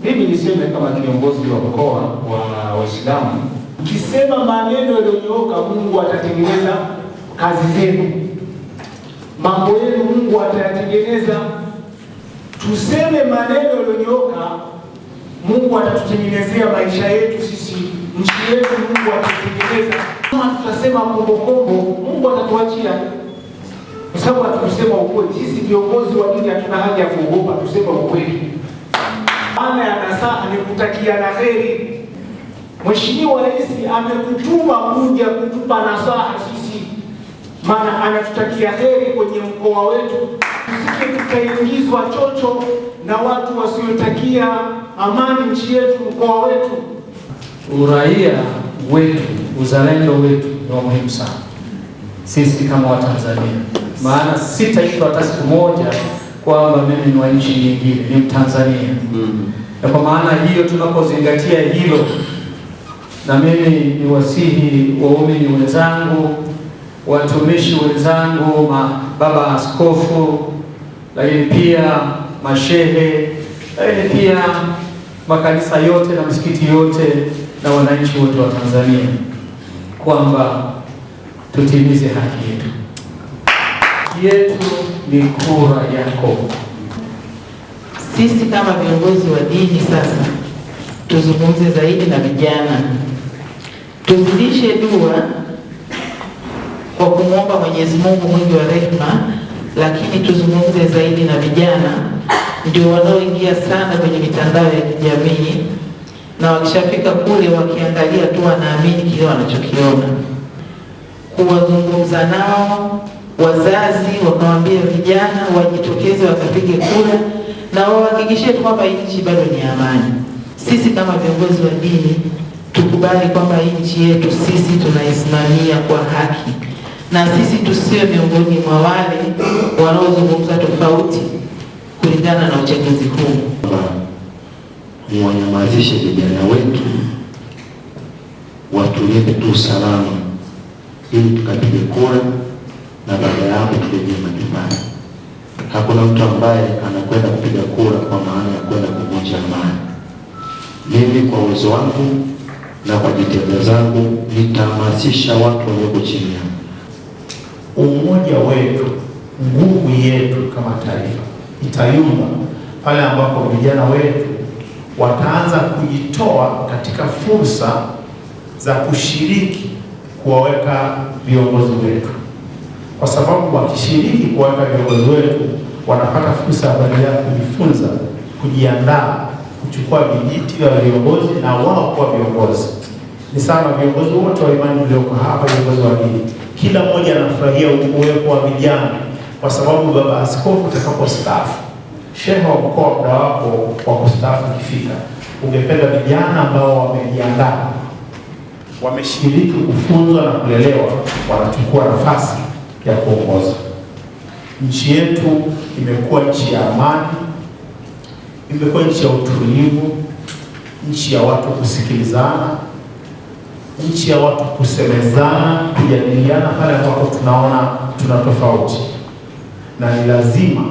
Mimi niseme kama kiongozi wa mkoa wa Waislamu, ukisema maneno yaliyonyooka, Mungu atatengeneza kazi zenu, mambo yenu Mungu atayatengeneza. Tuseme maneno yaliyonyooka, Mungu atatutengenezea maisha yetu sisi, nchi yetu Mungu atatengeneza. Kama tutasema kombokombo, Mungu atatuachia kwa sababu hatukusema ukweli. Sisi viongozi wa dini hatuna haja ya kuogopa, tusema ukweli. Maana ya nasaha ni kutakia na heri. Mheshimiwa Rais amekutuma kuja kutupa nasaha sisi, maana anatutakia heri kwenye mkoa wetu, usije tukaingizwa chocho na watu wasiotakia amani nchi yetu, mkoa wetu. Uraia wetu, uzalendo wetu ni wa muhimu sana sisi kama Watanzania, maana si taifa hata siku moja kwamba mimi ni wa nchi nyingine, ni Mtanzania mm. na kwa maana hiyo tunapozingatia hilo, na mimi ni wasihi waumini wenzangu, watumishi wenzangu, baba askofu, lakini pia mashehe, lakini pia makanisa yote na msikiti yote na wananchi wote wa Tanzania kwamba tutimize haki yetu yetu ni kura yako. Sisi kama viongozi wa dini sasa tuzungumze zaidi na vijana, tuzidishe dua kwa kumwomba Mwenyezi Mungu mwingi wa rehema, lakini tuzungumze zaidi na vijana, ndio wanaoingia sana kwenye mitandao ya kijamii, na wakishafika kule wakiangalia tu wanaamini kile wanachokiona, kuwazungumza nao wazazi wakawaambia vijana wajitokeze wakapige kura na wahakikishie kwamba nchi bado ni amani. Sisi kama viongozi wa dini tukubali kwamba nchi yetu sisi tunaisimamia kwa haki, na sisi tusiwe miongoni mwa wale wanaozungumza tofauti kulingana na uchaguzi huu. Mwanyamazishe vijana wetu, watulie tu usalama, ili tukapige kura na baba yangu mlivyo nyumbani. Hakuna mtu ambaye anakwenda kupiga kura kwa maana ya kwenda kuvunja amani. Mimi kwa uwezo wangu na kwa jitihada zangu nitahamasisha watu walioko chini yangu. Umoja wetu, nguvu yetu kama taifa itayumba pale ambapo vijana wetu wataanza kujitoa katika fursa za kushiriki kuwaweka viongozi wetu kwa sababu wakishiriki kuwaweka viongozi wetu wanapata fursa ya baadaye kujifunza, kujiandaa, kuchukua vijiti vya viongozi na wao kuwa viongozi. Ni sana viongozi wote wa imani walioko hapa, viongozi wa dini, kila mmoja anafurahia uwepo wa vijana, kwa sababu baba askofu utakapostaafu, shehe wa mkoa, muda wako wa kustaafu ukifika, ungependa vijana ambao wamejiandaa, wameshiriki kufunzwa na kulelewa, wanachukua nafasi ya kuongoza nchi yetu. Imekuwa nchi ya amani, imekuwa nchi ya utulivu, nchi ya watu kusikilizana, nchi ya watu kusemezana, kujadiliana pale ambapo tunaona tuna tofauti, na ni lazima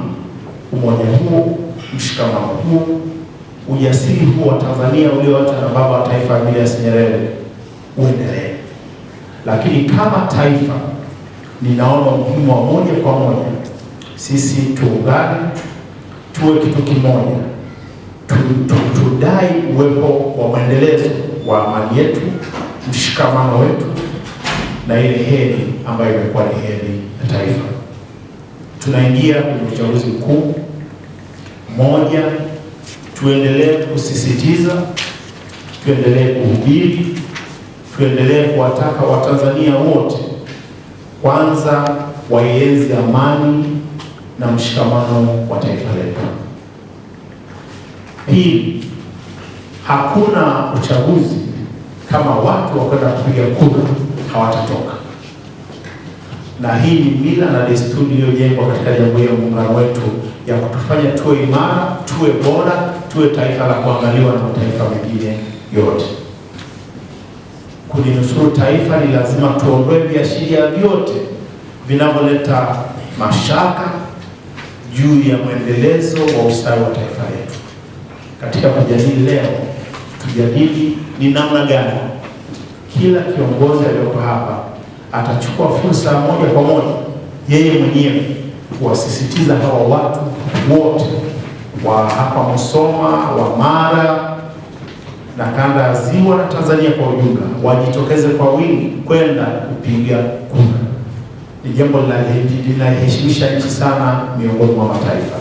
umoja huu, mshikamano huu, ujasiri huu wa Tanzania ulioacha na baba wa taifa Julius Nyerere uendelee, lakini kama taifa ninaona umuhimu wa moja kwa moja sisi tuungane, tuwe kitu kimoja, tudai uwepo wa mwendelezo wa amani yetu, mshikamano wetu na ile heri ambayo imekuwa ni heri ya taifa. Tunaingia kwenye uchaguzi mkuu moja, tuendelee kusisitiza, tuendelee kuhubiri, tuendelee kuwataka Watanzania wote kwanza waienzi amani na mshikamano wa taifa letu. Pili, hakuna uchaguzi kama watu wakwenda kupiga kura hawatatoka, na hii ni mila na desturi iliyojengwa katika Jamhuri ya Muungano wetu ya kutufanya tuwe imara, tuwe bora, tuwe taifa la kuangaliwa na mataifa mengine yote kulinusuru taifa, ni lazima tuondoe viashiria vyote vinavyoleta mashaka juu ya mwendelezo wa ustawi wa taifa letu. Katika kujadili leo, tujadili ni namna gani kila kiongozi aliyopo hapa atachukua fursa moja kwa moja yeye mwenyewe kuwasisitiza hawa watu wote wa hapa Musoma, wa Mara na kanda ya ziwa na Tanzania kwa ujumla wajitokeze kwa wingi kwenda kupiga kura. Ni jambo linaheshimisha nchi sana miongoni mwa mataifa.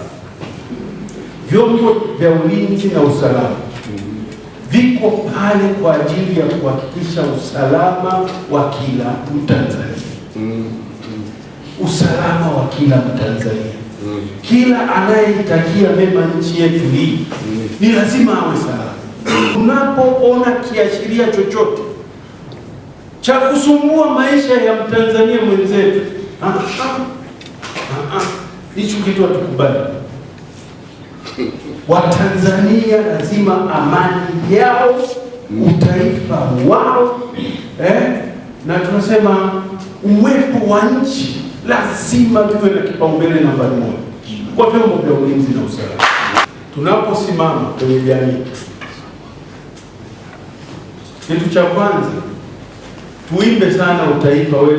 Vyombo vya ulinzi na usalama viko pale kwa ajili ya kuhakikisha usalama wa kila Mtanzania, usalama wa kila Mtanzania. Kila anayeitakia mema nchi yetu hii ni lazima awe salama. Unapoona kiashiria chochote cha kusumbua maisha ya mtanzania mwenzetu, ah, ah, ah, hicho kitu hatukubali. Watanzania lazima amani yao, utaifa wao eh, na tunasema uwepo wa nchi lazima tuwe na kipaumbele nambari moja kwa vyombo vya ulinzi na usalama tunaposimama kwenye jamii kitu cha kwanza tuimbe sana utaifa wetu.